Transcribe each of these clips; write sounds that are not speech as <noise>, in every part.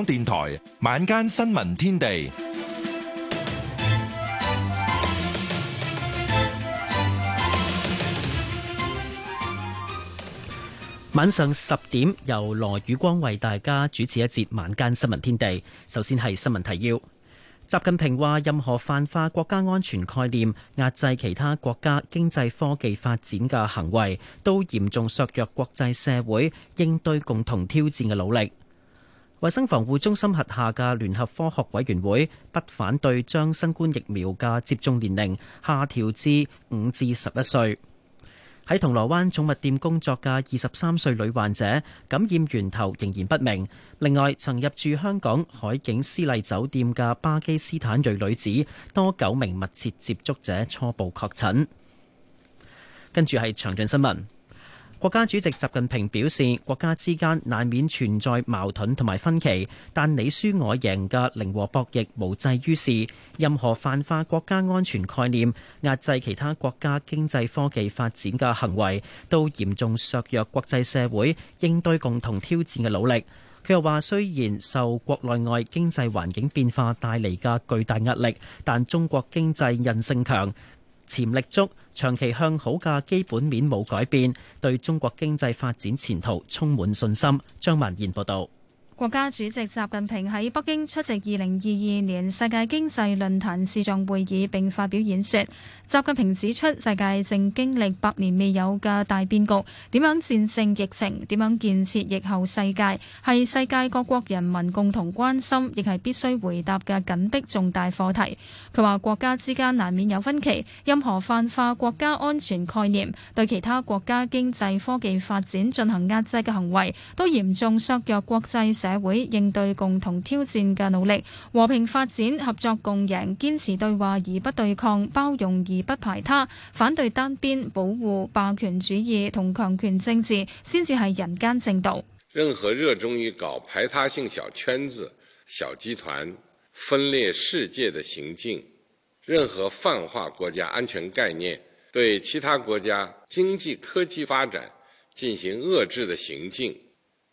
港電台晚間新聞天地，晚上十點由羅宇光為大家主持一節晚間新聞天地。首先係新聞提要：習近平話，任何泛化國家安全概念、壓制其他國家經濟科技發展嘅行為，都嚴重削弱國際社會應對共同挑戰嘅努力。衛生防護中心轄下嘅聯合科學委員會不反對將新冠疫苗嘅接種年齡下調至五至十一歲。喺銅鑼灣寵物店工作嘅二十三歲女患者感染源頭仍然不明。另外，曾入住香港海景絲麗酒店嘅巴基斯坦裔女子，多九名密切接觸者初步確診。跟住係詳盡新聞。國家主席習近平表示，國家之間難免存在矛盾同埋分歧，但你輸我贏嘅零和博弈無濟於事。任何泛化國家安全概念、壓制其他國家經濟科技發展嘅行為，都嚴重削弱國際社會應對共同挑戰嘅努力。佢又話：雖然受國內外經濟環境變化帶嚟嘅巨大壓力，但中國經濟韌性強。潛力足、長期向好嘅基本面冇改變，對中國經濟發展前途充滿信心。張文賢報導。國家主席習近平喺北京出席二零二二年世界經濟論壇視像會議，並發表演說。習近平指出，世界正經歷百年未有嘅大變局，點樣戰勝疫情、點樣建設疫後世界，係世界各國人民共同關心，亦係必須回答嘅緊迫重大課題。佢話：國家之間難免有分歧，任何泛化國家安全概念、對其他國家經濟科技發展進行壓制嘅行為，都嚴重削弱國際社社會應對共同挑戰嘅努力，和平發展、合作共贏，堅持對話而不對抗，包容而不排他，反對單邊、保護霸權主義同強權政治，先至係人間正道。任何熱衷於搞排他性小圈子、小集團、分裂世界的行徑，任何泛化國家安全概念、對其他國家經濟科技發展進行遏制的行徑。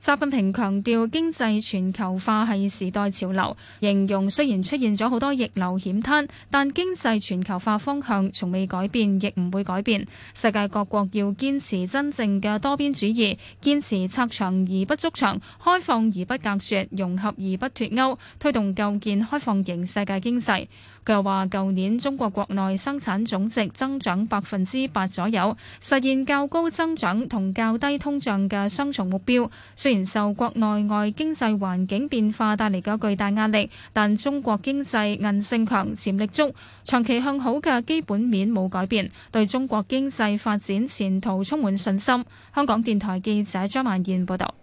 習近平強調，經濟全球化係時代潮流，形容雖然出現咗好多逆流險灘，但經濟全球化方向從未改變，亦唔會改變。世界各國要堅持真正嘅多邊主義，堅持拆牆而不築牆，開放而不隔絕，融合而不脫鈎，推動構建開放型世界經濟。佢又話：舊年中國國內生產總值增長百分之八左右，實現較高增長同較低通脹嘅雙重目標。雖然受國內外經濟環境變化帶嚟嘅巨大壓力，但中國經濟韌性強、潛力足，長期向好嘅基本面冇改變，對中國經濟發展前途充滿信心。香港電台記者張曼燕報道。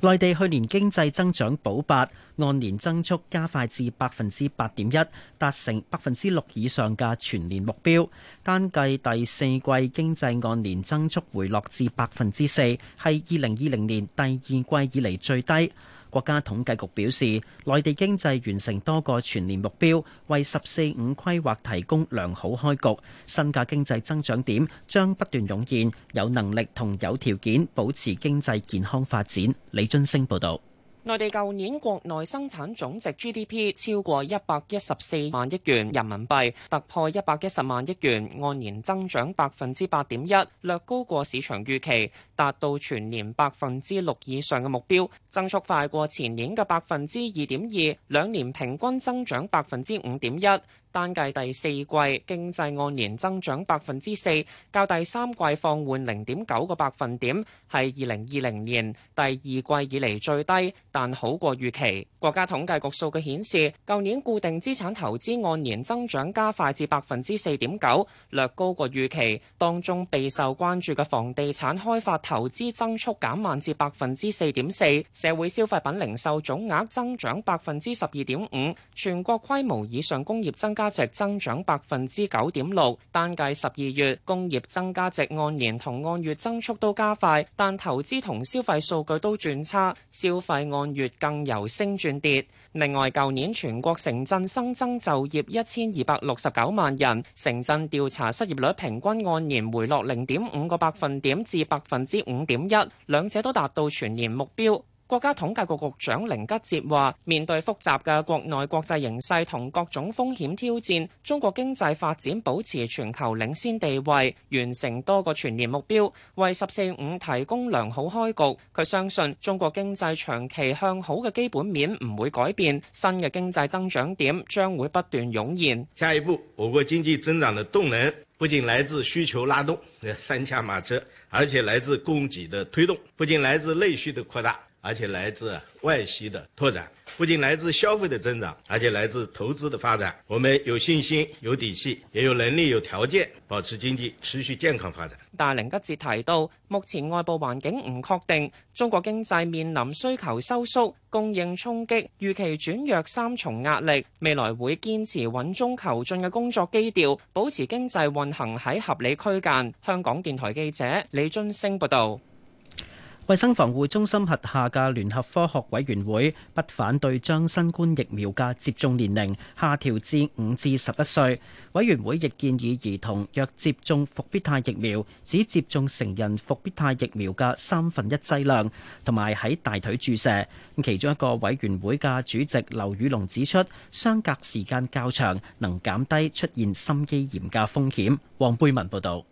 內地去年經濟增長保八，按年增速加快至百分之八點一，達成百分之六以上嘅全年目標。單計第四季經濟按年增速回落至百分之四，係二零二零年第二季以嚟最低。國家統計局表示，內地經濟完成多個全年目標，為十四五規劃提供良好開局。新嘅經濟增長點將不斷湧現，有能力同有條件保持經濟健康發展。李津升報道。內地舊年國內生產總值 GDP 超過一百一十四萬億元人民幣，突破一百一十萬億元，按年增長百分之八點一，略高過市場預期，達到全年百分之六以上嘅目標，增速快過前年嘅百分之二點二，兩年平均增長百分之五點一。單計第四季經濟按年增長百分之四，較第三季放緩零點九個百分點，係二零二零年第二季以嚟最低，但好過預期。國家統計局數據顯示，舊年固定資產投資按年增長加快至百分之四點九，略高過預期。當中備受關注嘅房地產開發投資增速減慢至百分之四點四，社會消費品零售總額增長百分之十二點五，全國規模以上工業增加。加值增長百分之九點六，單計十二月工業增加值按年同按月增速都加快，但投資同消費數據都轉差，消費按月更由升轉跌。另外，舊年全國城鎮新增，增就業一千二百六十九萬人，城鎮調查失業率平均按年回落零點五個百分點至百分之五點一，兩者都達到全年目標。國家統計局局長寧吉喆話，面對複雜嘅國內國際形勢同各種風險挑戰，中國經濟發展保持全球領先地位，完成多個全年目標，為十四五提供良好開局。佢相信中國經濟長期向好嘅基本面唔會改變，新嘅經濟增長點將會不斷湧現。下一步，我國經濟增長嘅動能不僅來自需求拉動，三駕馬車，而且來自供給的推動，不僅來自內需的擴大。而且來自外需的拓展，不僅來自消費的增長，而且來自投資的發展。我們有信心、有底氣，也有能力、有條件保持經濟持續健康發展。大麟吉則提到，目前外部環境唔確定，中國經濟面臨需求收縮，供應衝擊，預期轉弱三重壓力，未來會堅持穩中求進嘅工作基調，保持經濟運行喺合理區間。香港電台記者李津升報道。衞生防護中心核下嘅聯合科學委員會不反對將新冠疫苗嘅接種年齡下調至五至十一歲。委員會亦建議兒童若接種復必泰疫苗，只接種成人復必泰疫苗嘅三分一劑量，同埋喺大腿注射。其中一個委員會嘅主席劉宇龍指出，相隔時間較長，能減低出現心肌炎嘅風險。黃貝文報導。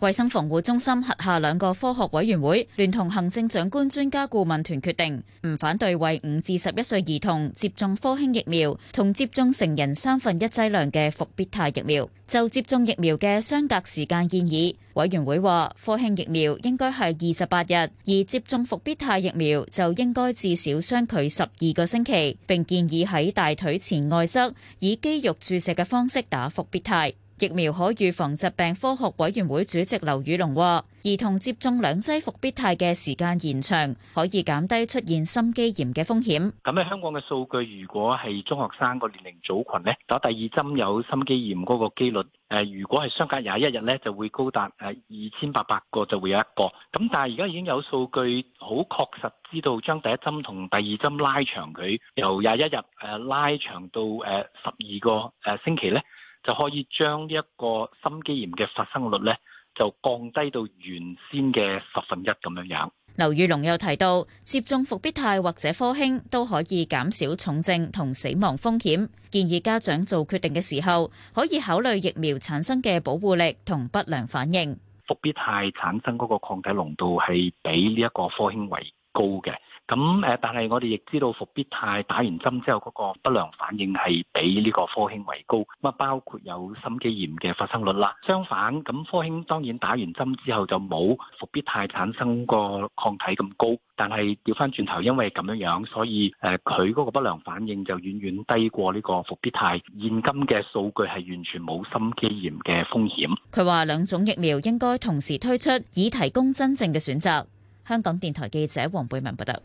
衛生防護中心轄下兩個科學委員會聯同行政長官專家顧問團決定，唔反對為五至十一歲兒童接種科興疫苗，同接種成人三分一劑量嘅復必泰疫苗。就接種疫苗嘅相隔時間建議，委員會話科興疫苗應該係二十八日，而接種復必泰疫苗就應該至少相距十二個星期。並建議喺大腿前外側以肌肉注射嘅方式打復必泰。疫苗可預防疾病科學委員會主席劉宇龍話：兒童接種兩劑復必泰嘅時間延長，可以減低出現心肌炎嘅風險。咁喺香港嘅數據，如果係中學生個年齡組群，呢打第二針有心肌炎嗰個機率，誒，如果係相隔廿一日呢，就會高達誒二千八百個就會有一個。咁但係而家已經有數據好確實知道，將第一針同第二針拉長佢，由廿一日誒拉長到誒十二個誒星期呢。就可以將呢一個心肌炎嘅發生率咧，就降低到原先嘅十分一咁樣樣。劉宇龍又提到，接種復必泰或者科興都可以減少重症同死亡風險，建議家長做決定嘅時候可以考慮疫苗產生嘅保護力同不良反應。復必泰產生嗰個抗體濃度係比呢一個科興為高嘅。咁誒，但係我哋亦知道復必泰，打完針之後嗰個不良反應係比呢個科興為高咁啊，包括有心肌炎嘅發生率啦。相反，咁科興當然打完針之後就冇復必泰產生個抗體咁高，但係調翻轉頭，因為咁樣樣，所以誒佢嗰個不良反應就遠遠低過呢個復必泰。現今嘅數據係完全冇心肌炎嘅風險。佢話兩種疫苗應該同時推出，以提供真正嘅選擇。香港電台記者黃貝文報道。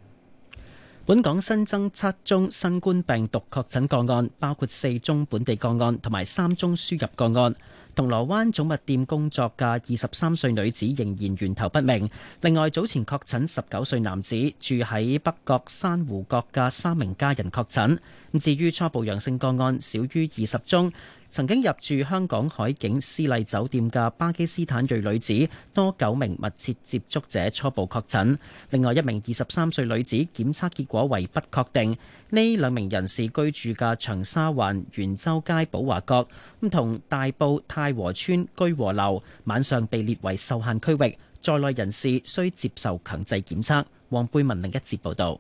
本港新增七宗新冠病毒確診個案，包括四宗本地個案同埋三宗輸入個案。銅鑼灣寵物店工作嘅二十三歲女子仍然源頭不明。另外，早前確診十九歲男子住喺北角珊瑚閣嘅三名家人確診。至於初步陽性個案少於二十宗。曾經入住香港海景絲麗酒店嘅巴基斯坦裔女子，多九名密切接觸者初步確診，另外一名二十三歲女子檢測結果為不確定。呢兩名人士居住嘅長沙灣元州街寶華閣，咁同大埔太和邨居和樓，晚上被列為受限區域，在內人士需接受強制檢測。黃貝文另一節報導。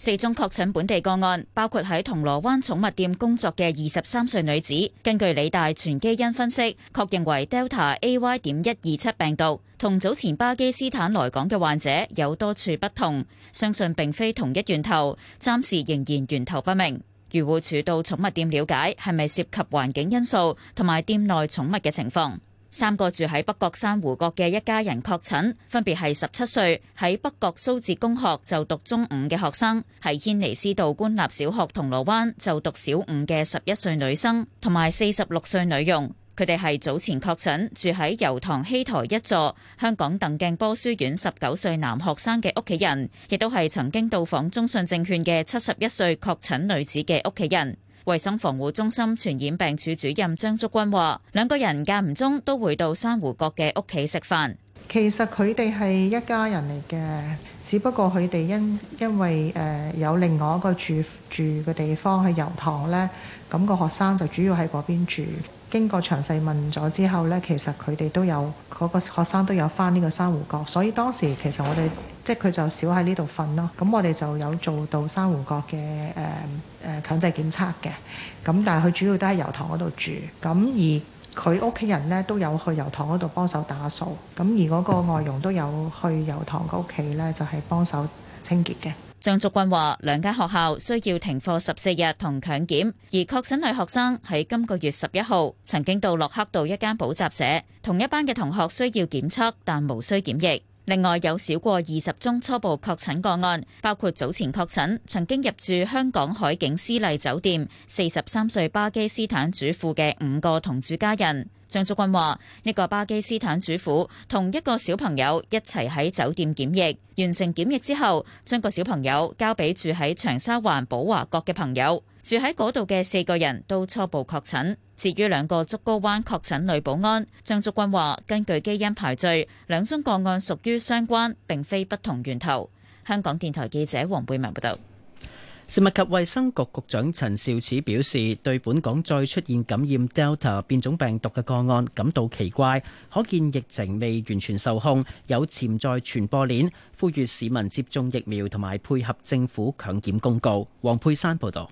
四宗確診本地個案，包括喺銅鑼灣寵物店工作嘅二十三歲女子。根據理大全基因分析，確認為 Delta AY 點一二七病毒，同早前巴基斯坦來港嘅患者有多處不同，相信並非同一源頭。暫時仍然源頭不明。漁護署到寵物店了解係咪涉及環境因素同埋店內寵物嘅情況。三個住喺北角珊瑚閣嘅一家人確診，分別係十七歲喺北角蘇浙公學就讀中五嘅學生，係軒尼詩道官立小學銅鑼灣就讀小五嘅十一歲女生，同埋四十六歲女傭。佢哋係早前確診住喺油塘希台一座香港鄧鏡波書院十九歲男學生嘅屋企人，亦都係曾經到訪中信證券嘅七十一歲確診女子嘅屋企人。衛生防護中心傳染病處主任張竹君話，兩個人間唔中都會到珊瑚閣嘅屋企食飯。其實佢哋係一家人嚟嘅，只不過佢哋因因為誒有另外一個住住嘅地方去油塘咧，咁個學生就主要喺嗰邊住。經過詳細問咗之後呢，其實佢哋都有嗰、嗰個學生都有返呢個珊瑚閣，所以當時其實我哋即係佢就少喺呢度瞓咯。咁我哋就有做到珊瑚閣嘅誒誒強制檢測嘅。咁但係佢主要都喺油塘嗰度住。咁而佢屋企人呢，都有去油塘嗰度幫手打掃。咁而嗰個外傭都有去油塘個屋企呢，就係幫手清潔嘅。張竹君話：兩間學校需要停課十四日同強檢，而確診女學生喺今個月十一號曾經到洛克道一間補習社，同一班嘅同學需要檢測，但無需檢疫。另外有少過二十宗初步確診個案，包括早前確診、曾經入住香港海景絲麗酒店四十三歲巴基斯坦主婦嘅五個同住家人。張竹君話：呢、這個巴基斯坦主婦同一個小朋友一齊喺酒店檢疫，完成檢疫之後，將個小朋友交俾住喺長沙灣寶華閣嘅朋友。住喺嗰度嘅四個人都初步確診。至於兩個竹篙灣確診女保安，張竹君話，根據基因排序，兩宗個案屬於相關，並非不同源頭。香港電台記者黃貝文報道。食物及衛生局局長陳肇始表示，對本港再出現感染 Delta 變種病毒嘅個案感到奇怪，可見疫情未完全受控，有潛在傳播鏈，呼籲市民接種疫苗同埋配合政府強檢公告。黃佩珊報道。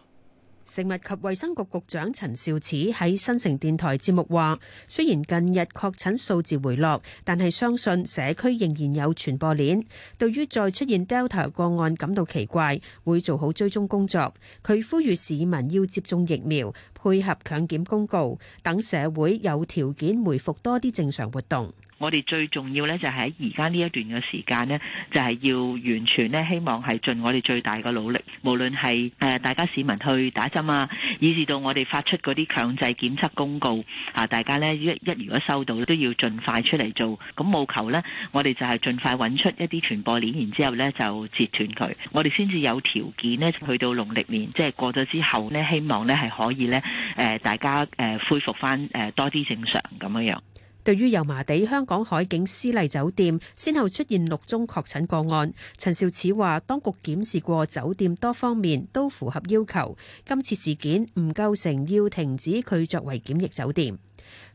食物及衛生局局長陳肇始喺新城電台節目話：雖然近日確診數字回落，但係相信社區仍然有傳播鏈。對於再出現 Delta 個案感到奇怪，會做好追蹤工作。佢呼籲市民要接種疫苗，配合強檢公告，等社會有條件回復多啲正常活動。我哋最重要呢，就係喺而家呢一段嘅時間呢，就係要完全呢，希望係盡我哋最大嘅努力，無論係誒大家市民去打針啊，以至到我哋發出嗰啲強制檢測公告啊，大家呢一一如果收到都要盡快出嚟做。咁務求呢，我哋就係盡快揾出一啲傳播鏈，然之後呢就截斷佢。我哋先至有條件呢去到農曆年，即係過咗之後呢，希望呢係可以呢，誒大家誒恢復翻誒多啲正常咁樣樣。對於油麻地香港海景絲麗酒店，先後出現六宗確診個案，陳肇始話：當局檢視過酒店多方面都符合要求，今次事件唔構成要停止佢作為檢疫酒店。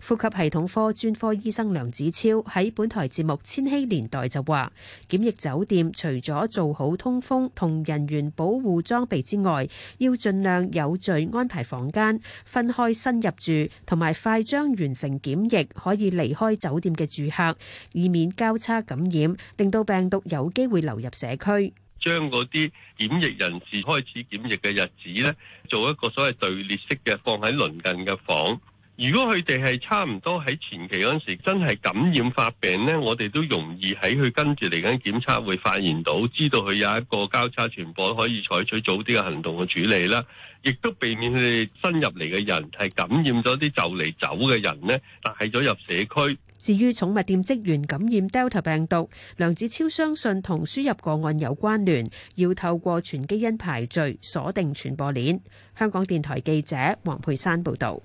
呼吸系統科專科醫生梁子超喺本台節目《千禧年代》就話，檢疫酒店除咗做好通風同人員保護裝備之外，要盡量有序安排房間，分開新入住同埋快將完成檢疫可以離開酒店嘅住客，以免交叉感染，令到病毒有機會流入社區。將嗰啲檢疫人士開始檢疫嘅日子咧，做一個所謂隊列式嘅放喺鄰近嘅房。如果佢哋係差唔多喺前期嗰陣時，真係感染發病咧，我哋都容易喺佢跟住嚟緊檢測會發現到，知道佢有一個交叉傳播，可以採取早啲嘅行動嘅處理啦，亦都避免佢哋新入嚟嘅人係感染咗啲就嚟走嘅人咧，帶咗入社區。至於寵物店職員感染 Delta 病毒，梁子超相信同輸入個案有關聯，要透過全基因排序鎖定傳播鏈，香港電台記者黃佩珊報道。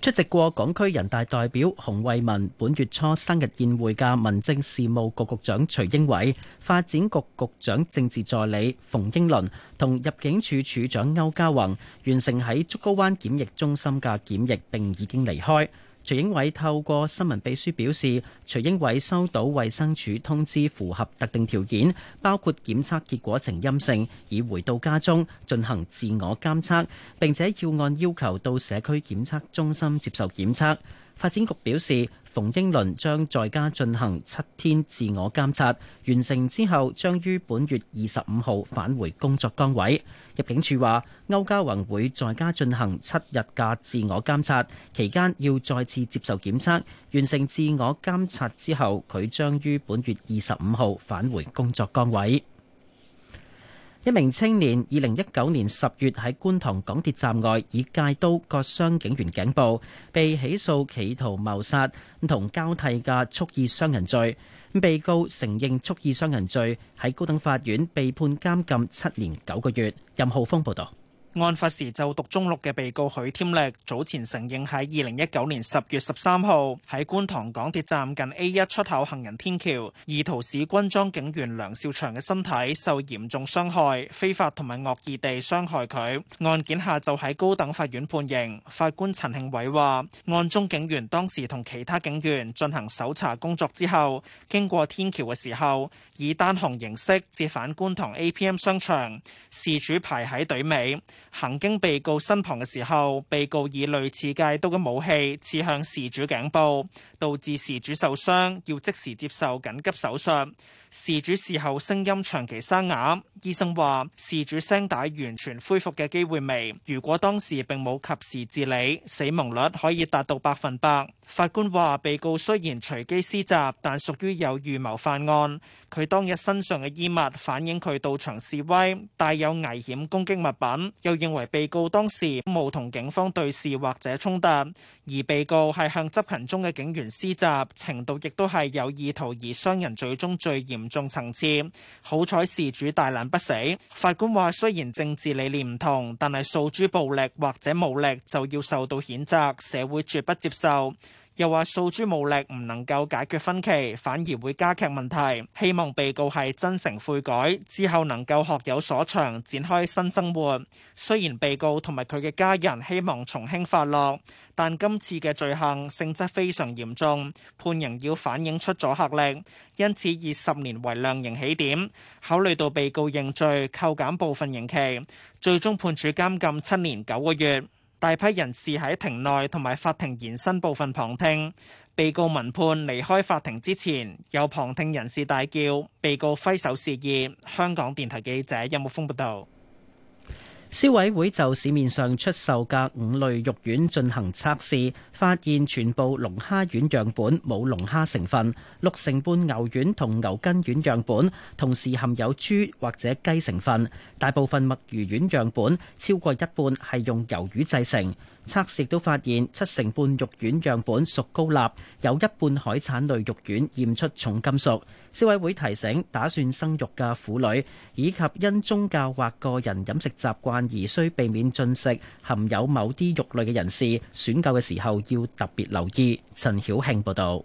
出席過港區人大代表洪為民本月初生日宴會嘅民政事務局局長徐英偉、發展局局長政治助理馮英倫同入境處處長區嘉宏，完成喺竹篙灣檢疫中心嘅檢疫，並已經離開。徐英偉透過新聞秘書表示，徐英偉收到衛生署通知，符合特定條件，包括檢測結果呈陰性，已回到家中進行自我監測，並且要按要求到社區檢測中心接受檢測。發展局表示，馮英倫將在家進行七天自我監測，完成之後將於本月二十五號返回工作崗位。入境處話，歐家宏會在家進行七日嘅自我監察，期間要再次接受檢測。完成自我監察之後，佢將於本月二十五號返回工作崗位。一名青年，二零一九年十月喺觀塘港鐵站外以 𠝹 刀割傷警員頸部，被起訴企圖謀殺同交替嘅蓄意傷人罪。被告承認蓄意傷人罪，喺高等法院被判監禁七年九個月。任浩峰報道。案發時就讀中六嘅被告許添力，早前承認喺二零一九年十月十三號喺觀塘港鐵站近 A1 出口行人天橋，意圖使軍裝警員梁少祥嘅身體受嚴重傷害，非法同埋惡意地傷害佢。案件下就喺高等法院判刑。法官陳慶偉話，案中警員當時同其他警員進行搜查工作之後，經過天橋嘅時候，以單行形式折返觀塘 APM 商場，事主排喺隊尾。行經被告身旁嘅時候，被告以類似 𠝹 刀嘅武器刺向事主頸部，導致事主受傷，要即時接受緊急手術。事主事後聲音長期沙啞，醫生話事主聲帶完全恢復嘅機會微，如果當時並冇及時治理，死亡率可以達到百分百。法官話被告雖然隨機施襲，但屬於有預謀犯案。佢當日身上嘅衣物反映佢到場示威，帶有危險攻擊物品。又認為被告當時冇同警方對峙或者衝突，而被告係向執勤中嘅警員施襲，程度亦都係有意圖而傷人，罪中最嚴嚴重層次，好彩事主大難不死。法官話：雖然政治理念唔同，但係訴諸暴力或者武力就要受到譴責，社會絕不接受。又話訴諸武力唔能夠解決分歧，反而會加劇問題。希望被告係真誠悔改，之後能夠學有所長，展開新生活。雖然被告同埋佢嘅家人希望從輕發落，但今次嘅罪行性質非常嚴重，判刑要反映出阻嚇力，因此以十年為量刑起點。考慮到被告認罪，扣減部分刑期，最終判處監禁七年九個月。大批人士喺庭內同埋法庭延伸部分旁聽，被告聞判離開法庭之前，有旁聽人士大叫，被告揮手示意。香港電台記者任木峰報導。消委會就市面上出售嘅五類肉丸進行測試。發現全部龍蝦丸樣本冇龍蝦成分，六成半牛丸同牛筋丸樣本同時含有豬或者雞成分，大部分墨魚丸樣本超過一半係用魷魚製成。測試亦都發現七成半肉丸樣本屬高鈉，有一半海產類肉丸驗出重金屬。消委會提醒打算生育嘅婦女，以及因宗教或個人飲食習慣而需避免進食含有某啲肉類嘅人士，選購嘅時候，要特別留意。陳曉慶報導。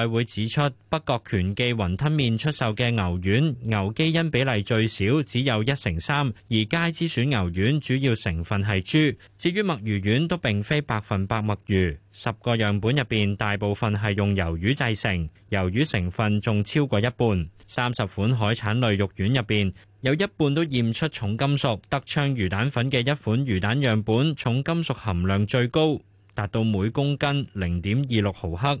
委會指出，北角權記雲吞麵出售嘅牛丸牛基因比例最少只有一成三，而佳之選牛丸主要成分係豬。至於墨魚丸都並非百分百墨魚，十個樣本入邊大部分係用魷魚製成，魷魚成分仲超過一半。三十款海產類肉丸入邊，有一半都驗出重金屬。德昌魚蛋粉嘅一款魚蛋樣本，重金屬含量最高，達到每公斤零點二六毫克。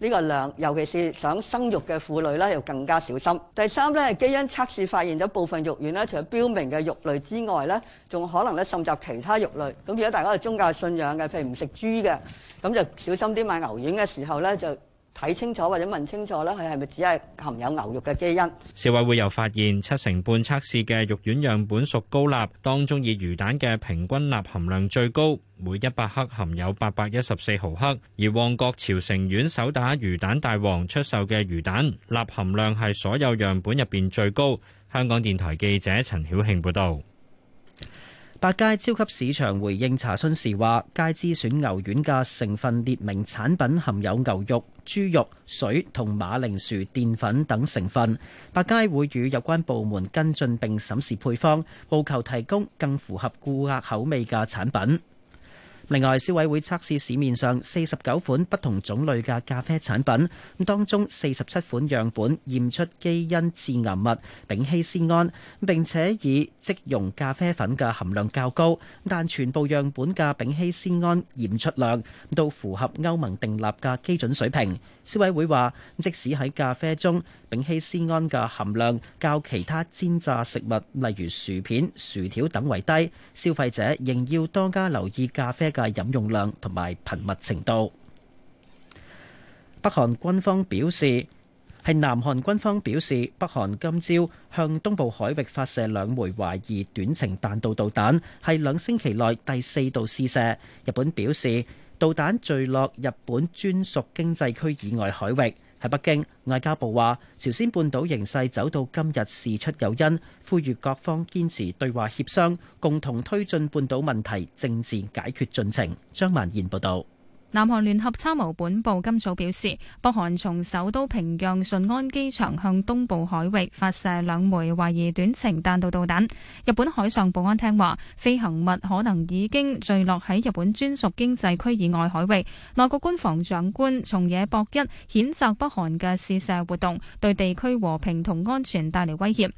呢個量，尤其是想生育嘅婦女咧，要更加小心。第三咧係基因測試發現咗部分肉丸咧，除咗標明嘅肉類之外咧，仲可能咧滲集其他肉類。咁如果大家係宗教信仰嘅，譬如唔食豬嘅，咁就小心啲買牛丸嘅時候咧就，睇清楚或者問清楚啦，佢係咪只係含有牛肉嘅基因？消委會又發現七成半測試嘅肉丸樣本屬高鈉，當中以魚蛋嘅平均鈉含量最高，每一百克含有八百一十四毫克。而旺角潮城苑手打魚蛋大王出售嘅魚蛋，鈉含量係所有樣本入面最高。香港電台記者陳曉慶報導。百佳超級市場回應查詢時話，街知選牛丸嘅成分列明產品含有牛肉、豬肉、水同馬鈴薯澱粉等成分。百佳會與有關部門跟進並審視配方，務求提供更符合顧客口味嘅產品。另外，消委會測試市面上四十九款不同種類嘅咖啡產品，當中四十七款樣本驗出基因致癌物丙烯酰胺，並且以即溶咖啡粉嘅含量較高，但全部樣本嘅丙烯酰胺驗出量都符合歐盟訂立嘅基準水平。消委會話：即使喺咖啡中，丙烯酰胺嘅含量較其他煎炸食物，例如薯片、薯條等為低，消費者仍要多加留意咖啡嘅飲用量同埋頻密程度。北韓軍方表示，係南韓軍方表示，北韓今朝向東部海域發射兩枚懷疑短程彈道導彈，係兩星期內第四度試射。日本表示，導彈墜落日本專屬經濟區以外海域。喺北京，外交部話：朝鮮半島形勢走到今日，事出有因，呼籲各方堅持對話協商，共同推進半島問題政治解決進程。張曼燕報道。南韓聯合參謀本部今早表示，北韓從首都平壤順安機場向東部海域發射兩枚懷疑短程彈道導彈。日本海上保安廳話，飛行物可能已經墜落喺日本專屬經濟區以外海域。內閣官房長官松野博一譴責北韓嘅試射活動對地區和平同安全帶嚟威脅。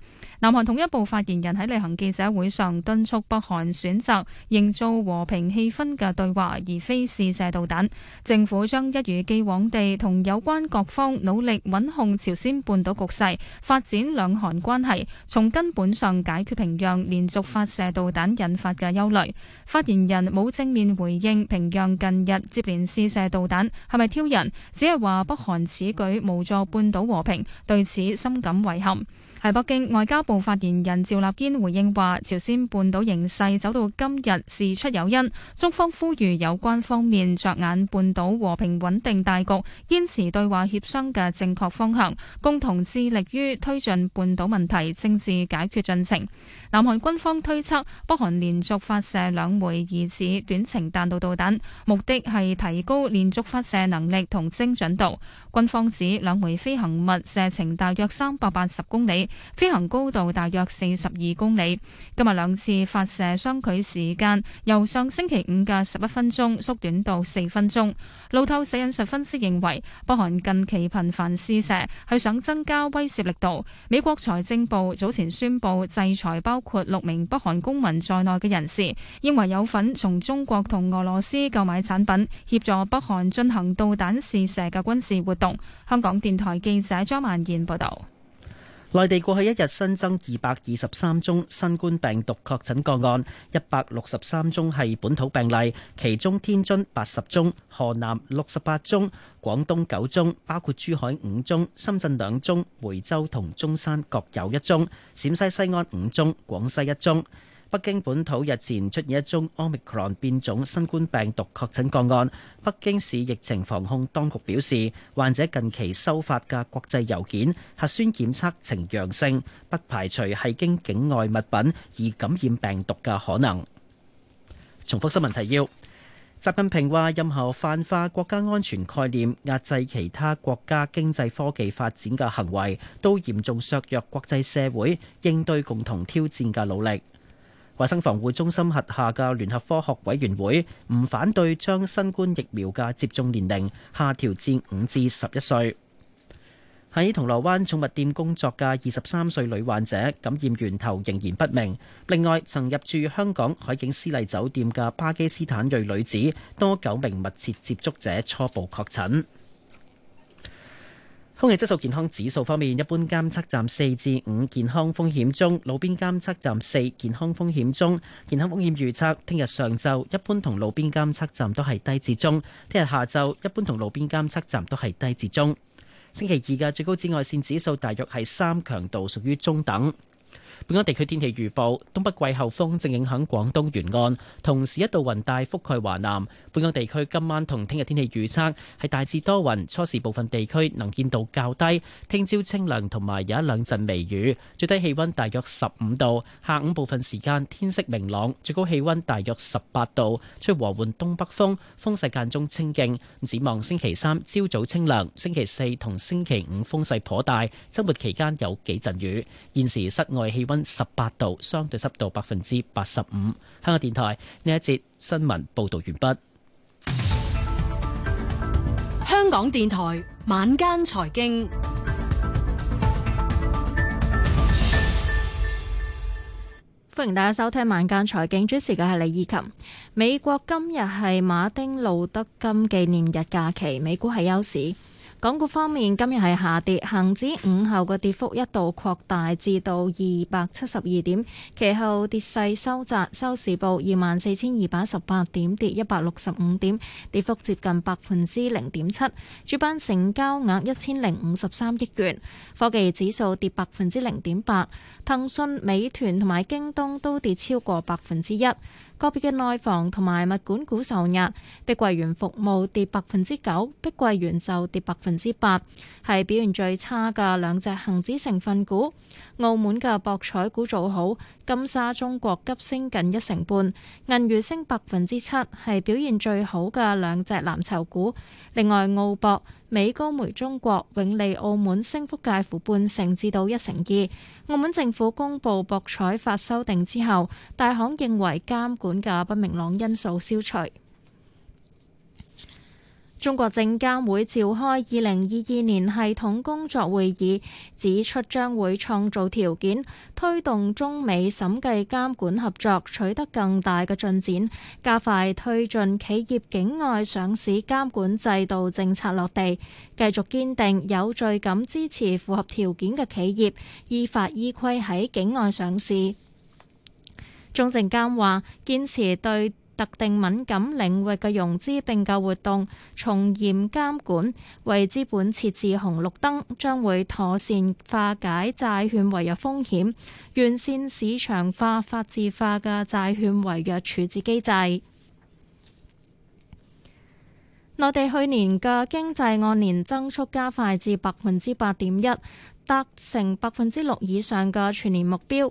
南韓統一部發言人喺例行記者會上敦促北韓選擇營造和平氣氛嘅對話，而非試射導彈。政府將一如既往地同有關各方努力穩控朝鮮半島局勢，發展兩韓關係，從根本上解決平壤連續發射導彈引發嘅憂慮。發言人冇正面回應平壤近日接連試射導彈係咪挑釁，只係話北韓此舉無助半島和平，對此深感遺憾。係北京外交部發言人趙立堅回應話，朝鮮半島形勢走到今日，事出有因。中方呼籲有關方面着眼半島和平穩定大局，堅持對話協商嘅正確方向，共同致力於推進半島問題政治解決進程。南韓軍方推測，北韓連續發射兩枚疑似短程彈道導彈，目的係提高連續發射能力同精準度。軍方指兩枚飛行物射程大約三百八十公里，飛行高度大約四十二公里。今日兩次發射相距時間由上星期五嘅十一分鐘縮短到四分鐘。路透社引述分析認為，北韓近期頻繁試射係想增加威脅力度。美國財政部早前宣布制裁包括六名北韓公民在內嘅人士，認為有份從中國同俄羅斯購買產品協助北韓進行導彈試射嘅軍事活動。香港電台記者張曼燕報道：內地過去一日新增二百二十三宗新冠病毒確診個案，一百六十三宗係本土病例，其中天津八十宗，河南六十八宗，廣東九宗，包括珠海五宗、深圳兩宗、梅州同中山各有一宗，陝西西安五宗，廣西一宗。北京本土日前出現一宗 Omicron 變種新冠病毒確診個案。北京市疫情防控當局表示，患者近期收發嘅國際郵件核酸檢測呈陽性，不排除係經境外物品而感染病毒嘅可能。重複新聞提要：習近平話，任何泛化國家安全概念、壓制其他國家經濟科技發展嘅行為，都嚴重削弱國際社會應對共同挑戰嘅努力。衞生防護中心轄下嘅聯合科學委員會唔反對將新冠疫苗嘅接種年齡下調至五至十一歲。喺銅鑼灣寵物店工作嘅二十三歲女患者感染源頭仍然不明。另外，曾入住香港海景絲麗酒店嘅巴基斯坦裔女子，多九名密切接觸者初步確診。空氣質素健康指數方面，一般監測站四至五健康風險中，路邊監測站四健康風險中。健康風險預測，聽日上晝一般同路邊監測站都係低至中，聽日下晝一般同路邊監測站都係低至中。星期二嘅最高紫外線指數大約係三，強度屬於中等。本港地區天氣預報：東北季候風正影響廣東沿岸，同時一道雲帶覆蓋華南。本港地區今晚同聽日天氣預測係大致多雲，初時部分地區能見度較低。聽朝清涼同埋有一兩陣微雨，最低氣温大約十五度。下午部分時間天色明朗，最高氣温大約十八度，吹和緩東北風，風勢間中清勁。展望星期三朝早清涼，星期四同星期五風勢頗大，周末期間有幾陣雨。現時室外氣。溫十八度，相對濕度百分之八十五。香港電台呢一節新聞報道完畢。香港電台晚間財經，歡迎大家收聽晚間財經，主持嘅係李綺琴。美國今日係馬丁路德金紀念日假期，美股係休市。港股方面今日，係下跌，恆指午後嘅跌幅一度擴大至到二百七十二點，其後跌勢收窄，收市報二萬四千二百一十八點，跌一百六十五點，跌幅接近百分之零點七。主板成交額一千零五十三億元，科技指數跌百分之零點八，騰訊美團同埋京東都跌超過百分之一。個別嘅內房同埋物管股受壓，碧桂園服務跌百分之九，碧桂園就跌百分之八，係表現最差嘅兩隻恒指成分股。澳門嘅博彩股做好，金沙中國急升近一成半，銀娛升百分之七，係表現最好嘅兩隻藍籌股。另外，澳博、美高梅中國、永利澳門升幅介乎半成至到一成二。澳門政府公布博彩法修訂之後，大行認為監管嘅不明朗因素消除。中國證監會召開二零二二年系統工作會議，指出將會創造條件，推動中美審計監管合作取得更大嘅進展，加快推進企業境外上市監管制度政策落地，繼續堅定有序咁支持符合條件嘅企業，依法依規喺境外上市。中證監話堅持對特定敏感領域嘅融資併購活動，從嚴監管，為資本設置紅綠燈，將會妥善化解債券違約風險，完善市場化、法治化嘅債券違約處置機制。內地 <noise> 去年嘅經濟按年增速加快至百分之八點一，達成百分之六以上嘅全年目標。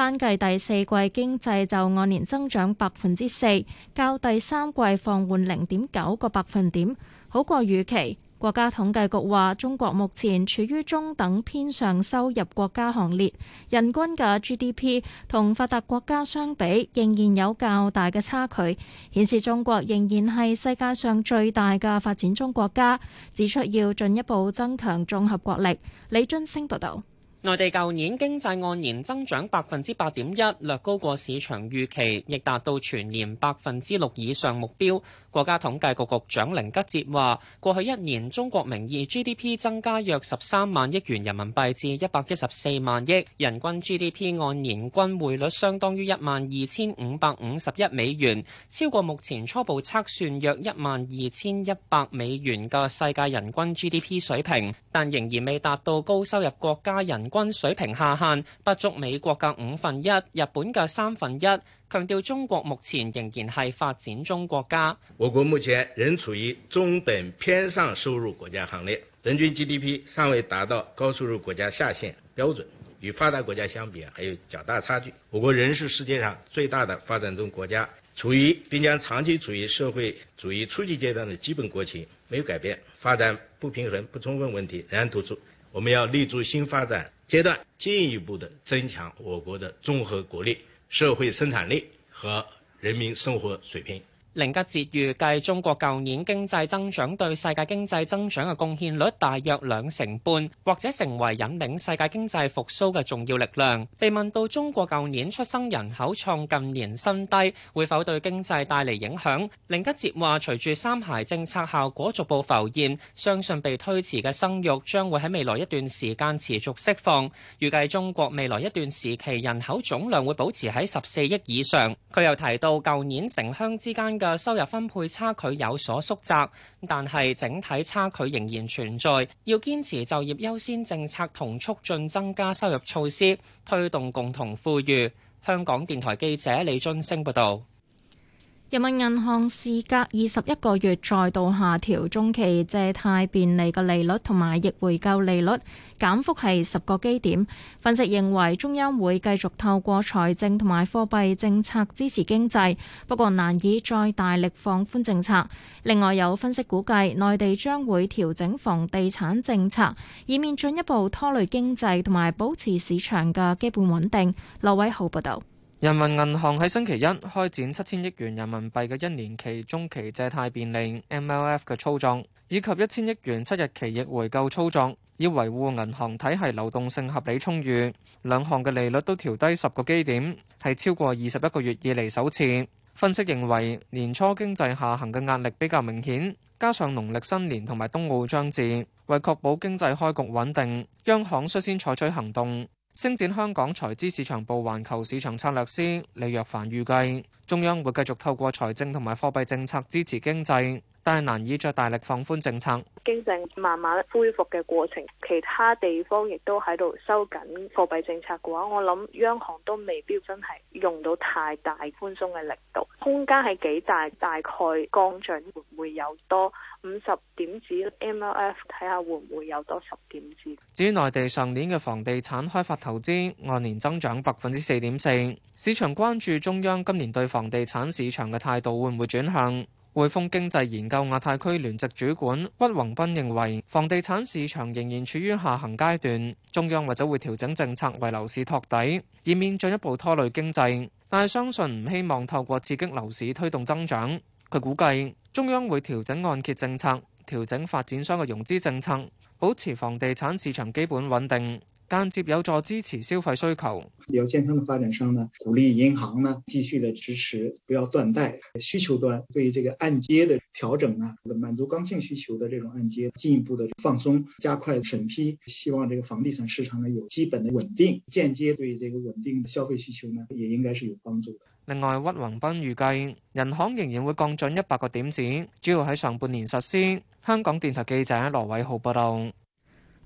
單計第四季經濟就按年增長百分之四，較第三季放緩零點九個百分點，好過預期。國家統計局話，中國目前處於中等偏上收入國家行列，人均嘅 GDP 同發達國家相比仍然有較大嘅差距，顯示中國仍然係世界上最大嘅發展中國家。指出要進一步增強綜合國力。李津升報道。內地舊年經濟按年增長百分之八點一，略高過市場預期，亦達到全年百分之六以上目標。國家統計局局長寧吉喆話：過去一年中國名義 GDP 增加約十三萬億元人民幣，至一百一十四萬億，人均 GDP 按年均匯率相當於一萬二千五百五十一美元，超過目前初步測算約一萬二千一百美元嘅世界人均 GDP 水平，但仍然未達到高收入國家人均水平下限，不足美國嘅五分一，日本嘅三分一，強調中國目前仍然係發展中國家。我國目前仍處於中等偏上收入國家行列，人均 GDP 尚未達到高收入國家下限標準，與發達國家相比還有較大差距。我國仍是世界上最大的發展中國家，處於並將長期處於社會主義初級階段的基本國情沒有改變，發展不平衡不充分問題仍然突出。我們要立足新發展。階段進一步的增強我國的綜合國力、社會生產力和人民生活水平。林吉哲預計中國舊年經濟增長對世界經濟增長嘅貢獻率大約兩成半，或者成為引領世界經濟復甦嘅重要力量。被問到中國舊年出生人口創近年新低，會否對經濟帶嚟影響？林吉哲話：隨住三孩政策效果逐步浮現，相信被推遲嘅生育將會喺未來一段時間持續釋放。預計中國未來一段時期人口總量會保持喺十四億以上。佢又提到舊年城鄉之間嘅收入分配差距有所縮窄，但係整體差距仍然存在。要堅持就業優先政策同促進增加收入措施，推動共同富裕。香港電台記者李俊升報道。人民銀行事隔二十一個月再度下調中期借貸便利嘅利率同埋逆回購利率，減幅係十個基點。分析認為，中央會繼續透過財政同埋貨幣政策支持經濟，不過難以再大力放寬政策。另外，有分析估計，內地將會調整房地產政策，以免進一步拖累經濟同埋保持市場嘅基本穩定。劉偉豪報道。人民銀行喺星期一開展七千億元人民幣嘅一年期中期借貸便利 （MLF） 嘅操作，以及一千億元七日期逆回購操作，以維護銀行體系流動性合理充裕。兩項嘅利率都調低十個基點，係超過二十一個月以嚟首次。分析認為，年初經濟下行嘅壓力比較明顯，加上農曆新年同埋冬奧將至，為確保經濟開局穩定，央行率先採取行動。星展香港財資市場部環球市場策略師李若凡預計，中央會繼續透過財政同埋貨幣政策支持經濟。但係難以再大力放寬政策，經濟慢慢恢復嘅過程，其他地方亦都喺度收緊貨幣政策嘅話，我諗央行都未必真係用到太大寬鬆嘅力度，空間係幾大？大概降準會唔會有多五十點子 MLF？睇下會唔會有多十點子？至於內地上年嘅房地產開發投資按年增長百分之四點四，市場關注中央今年對房地產市場嘅態度會唔會轉向？匯豐經濟研究亞太區聯席主管屈宏斌認為，房地產市場仍然處於下行階段，中央或者會調整政策為樓市托底，以免進一步拖累經濟。但係相信唔希望透過刺激樓市推動增長。佢估計，中央會調整按揭政策，調整發展商嘅融資政策，保持房地產市場基本穩定。間接有助支持消費需求。要健康地發展商呢，鼓勵銀行呢繼續的支持，不要斷貸。需求端對這個按揭的調整啊，滿足剛性需求的這種按揭，進一步的放鬆，加快審批，希望這個房地產市場呢有基本的穩定，間接對這個穩定消費需求呢也應該是有幫助。另外，屈宏斌預計人行仍然會降準一百個點子，主要喺上半年實施。香港電台記者羅偉浩報道。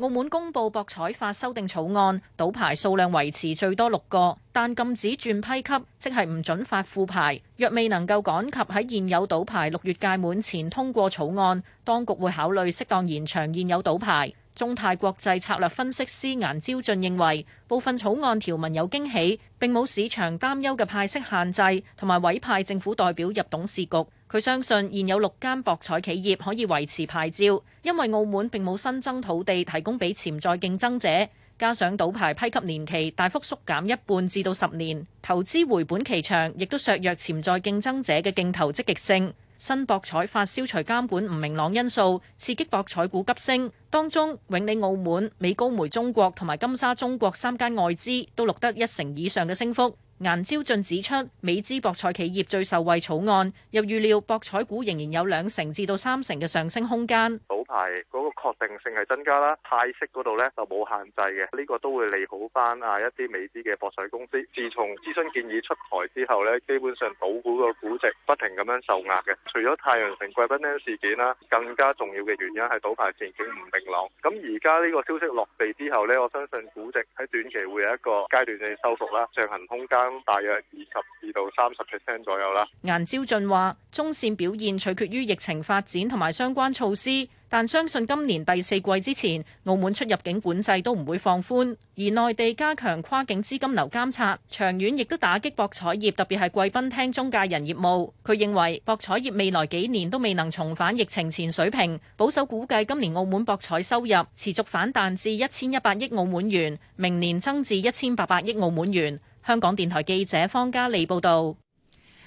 澳門公布博彩法修訂草案，賭牌數量維持最多六個，但禁止轉批級，即係唔准發副牌。若未能夠趕及喺現有賭牌六月屆滿前通過草案，當局會考慮適當延長現有賭牌。中泰國際策略分析師顏昭俊認為，部分草案條文有驚喜，並冇市場擔憂嘅派息限制同埋委派政府代表入董事局。佢相信現有六間博彩企業可以維持牌照，因為澳門並冇新增土地提供俾潛在競爭者，加上賭牌批給年期大幅縮減一半至到十年，投資回本期長亦都削弱潛在競爭者嘅競投積極性。新博彩法消除監管唔明朗因素，刺激博彩股急升，當中永利澳門、美高梅中國同埋金沙中國三間外資都錄得一成以上嘅升幅。顏朝俊指出，美資博彩企業最受惠草案，又預料博彩股仍然有兩成至到三成嘅上升空間。賭牌嗰個確定性係增加啦，派息嗰度咧就冇限制嘅，呢、呢個都會利好翻啊一啲美資嘅博彩公司。自從諮詢建議出台之後呢，基本上賭股個估值不停咁樣受壓嘅。除咗太陽城貴賓廳事件啦，更加重要嘅原因係賭牌前景唔明朗。咁而家呢個消息落地之後呢，我相信估值喺短期會有一個階段性修復啦，上行空間。大約二十二到三十 percent 左右啦。顏朝俊話，中線表現取決於疫情發展同埋相關措施，但相信今年第四季之前，澳門出入境管制都唔會放寬。而內地加強跨境資金流監察，長遠亦都打擊博彩業，特別係貴賓廳中介人業務。佢認為博彩業未來幾年都未能重返疫情前水平。保守估計，今年澳門博彩收入持續反彈至一千一百億澳門元，明年增至一千八百億澳門元。香港電台記者方嘉莉報道，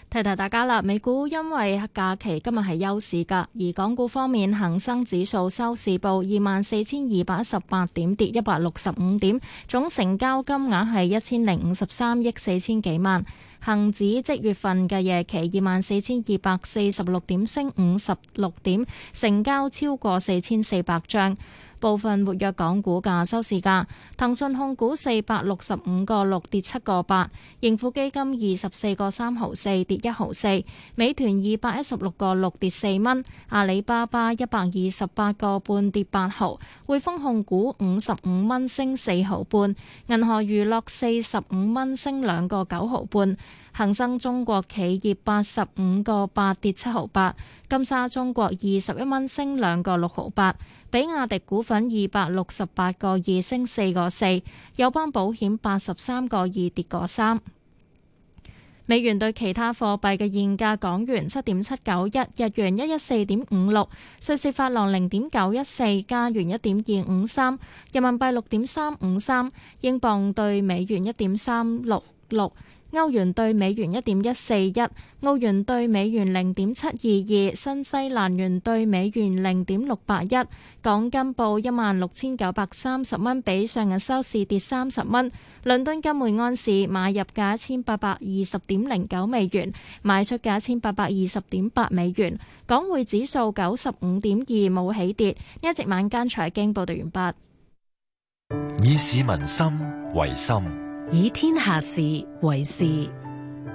提提大家啦，美股因為假期今日係休市㗎，而港股方面，恒生指數收市報二萬四千二百一十八點，跌一百六十五點，總成交金額係一千零五十三億四千幾萬，恒指即月份嘅夜期二萬四千二百四十六點，升五十六點，成交超過四千四百張。部分活躍港股價收市價：騰訊控股四百六十五個六跌七個八，盈富基金二十四個三毫四跌一毫四，美團二百一十六個六跌四蚊，阿里巴巴一百二十八個半跌八毫，匯豐控股五十五蚊升四毫半，銀河娛樂四十五蚊升兩個九毫半。恒生中國企業八十五個八跌七毫八，金沙中國二十一蚊升兩個六毫八，比亞迪股份二百六十八個二升四個四，友邦保險八十三個二跌個三。美元對其他貨幣嘅現價：港元七點七九一，日元一一四點五六，瑞士法郎零點九一四，加元一點二五三，人民幣六點三五三，英鎊對美元一點三六六。歐元兌美元一點一四一，澳元兌美元零點七二二，新西蘭元兌美元零點六八一。港金報一萬六千九百三十蚊，比上日收市跌三十蚊。倫敦金每安士買入價一千八百二十點零九美元，賣出價一千八百二十點八美元。港匯指數九十五點二，冇起跌。一直晚間財經報道完畢。以市民心為心。以天下事為事。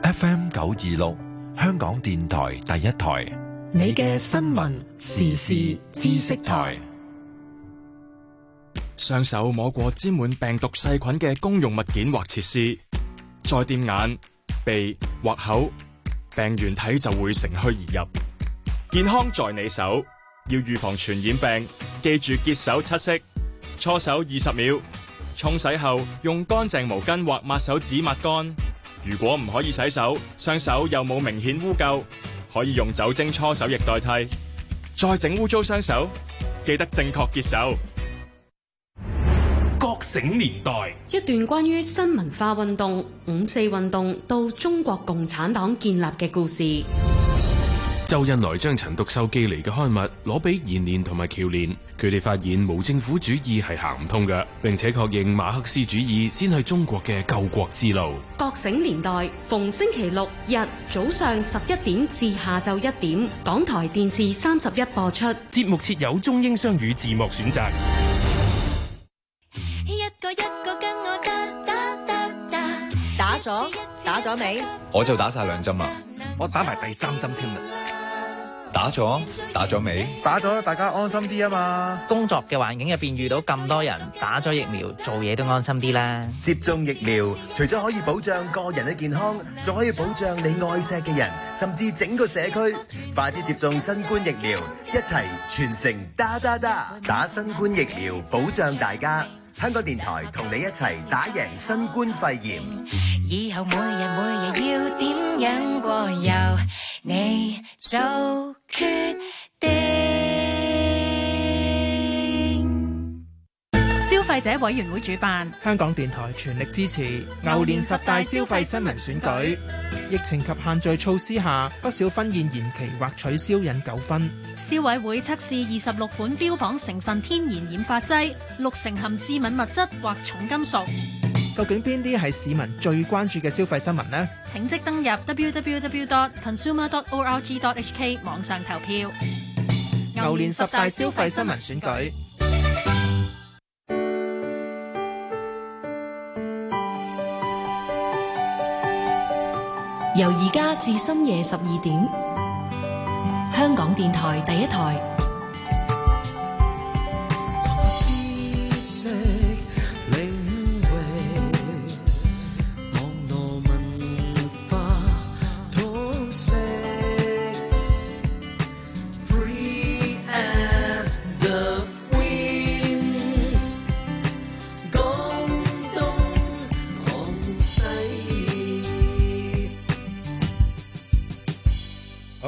FM 九二六，香港電台第一台。你嘅新聞、時事、知識台。雙手摸過沾滿病毒細菌嘅公用物件或設施，再掂眼、鼻或口，病原體就會乘虛而入。健康在你手，要預防傳染病，記住潔手七式，搓手二十秒。沖洗後，用乾淨毛巾或抹手指抹乾。如果唔可以洗手，雙手又冇明顯污垢，可以用酒精搓手液代替。再整污糟雙手，記得正確潔手。覺醒年代，一段關於新文化運動、五四運動到中國共產黨建立嘅故事。周恩來將陳獨秀寄嚟嘅刊物攞俾延年同埋喬年。佢哋發現無政府主義係行唔通嘅，並且確認馬克思主義先係中國嘅救國之路。覺醒年代逢星期六日早上十一點至下晝一點，港台電視三十一播出。節目設有中英雙語字幕選擇。一個一個跟我打打打打，打咗打咗未？一次一次我就打晒兩針啦，我打埋第三針添啦。打咗，打咗未？打咗，大家安心啲啊嘛！工作嘅環境入邊遇到咁多人打咗疫苗，做嘢都安心啲啦。接種疫苗，除咗可以保障個人嘅健康，仲可以保障你愛錫嘅人，甚至整個社區。快啲接種新冠疫苗，一齊傳承打打打，打新冠疫苗保障大家。香港電台同你一齊打贏新冠肺炎。以後每日每夜要點樣過？有你做。決定。消費者委員會主辦，香港電台全力支持牛年十大消費新聞選舉。選舉。疫情及限聚措施下，不少婚宴延期或取消引糾紛。消委會測試二十六款標榜成分天然染髮劑，六成含致敏物質或重金屬。究竟邊啲係市民最關注嘅消費新聞呢？請即登入 www.consumer.org.hk 網上投票。牛年十大消費新聞選舉，由而家至深夜十二點，香港電台第一台。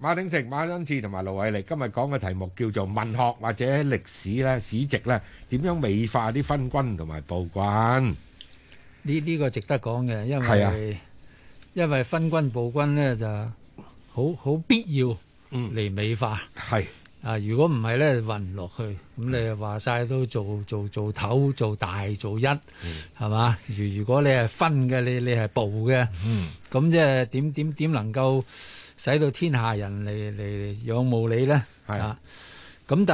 馬鼎盛、馬恩志同埋盧偉力今日講嘅題目叫做文學或者歷史咧、史籍咧，點樣美化啲昏君同埋暴君？呢呢個值得講嘅，因為因為昏君暴君咧就好好必要嚟美化。係啊，如果唔係咧混唔落去，咁你話晒都做做做頭做大做一係嘛？如如果你係昏嘅，你你係暴嘅，咁即係點點點能夠？使到天下人嚟嚟仰慕你咧，你你呢的啊！咁但。